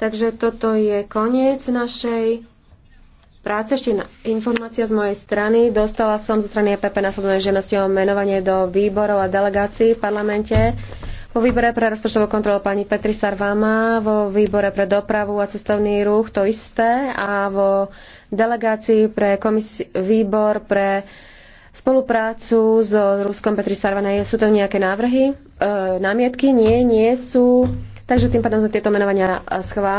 Takže toto je koniec našej práce. Ešte informácia z mojej strany. Dostala som zo strany EPP následovnej žiadnosti o menovanie do výborov a delegácií v parlamente. Vo výbore pre rozpočtovú kontrolu pani Petri Sarvama, vo výbore pre dopravu a cestovný ruch to isté a vo delegácii pre komis- výbor pre spoluprácu s so Ruskom Petri Sarvanej. Sú to nejaké návrhy? E, námietky? Nie, nie sú. Takže tým pádom sa tieto menovania eh, schválili.